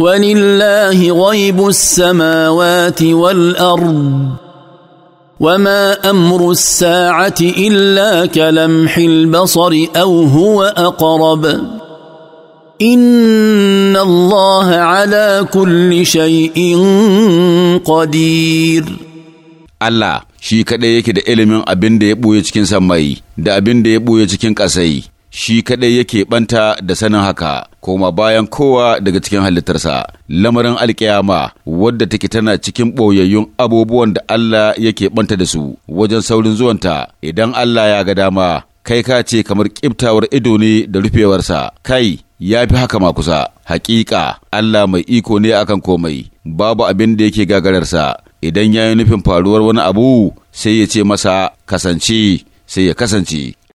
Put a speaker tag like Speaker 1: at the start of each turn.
Speaker 1: ولله غيب السماوات والارض وما امر الساعه الا كلمح البصر او هو اقرب ان الله
Speaker 2: على كل شيء قدير الله shi kaɗai yake da ilimin abin da ya ɓoye cikin sammai da abin da ya ɓoye cikin ƙasai shi kaɗai yake ɓanta da sanin haka, koma bayan kowa daga cikin halittarsa, lamarin alkiyama wadda take tana cikin ɓoyayyun abubuwan da Allah yake ɓanta da su wajen saurin zuwanta, idan Allah ya ga dama, kai ka ce kamar ƙibtawar ido ne da rufewarsa, kai ya fi haka ma kusa, hakika Allah mai iko ne akan komai, babu abin da yake gagararsa, idan ya yi nufin faruwar wani abu sai ya ce masa kasance sai ya kasance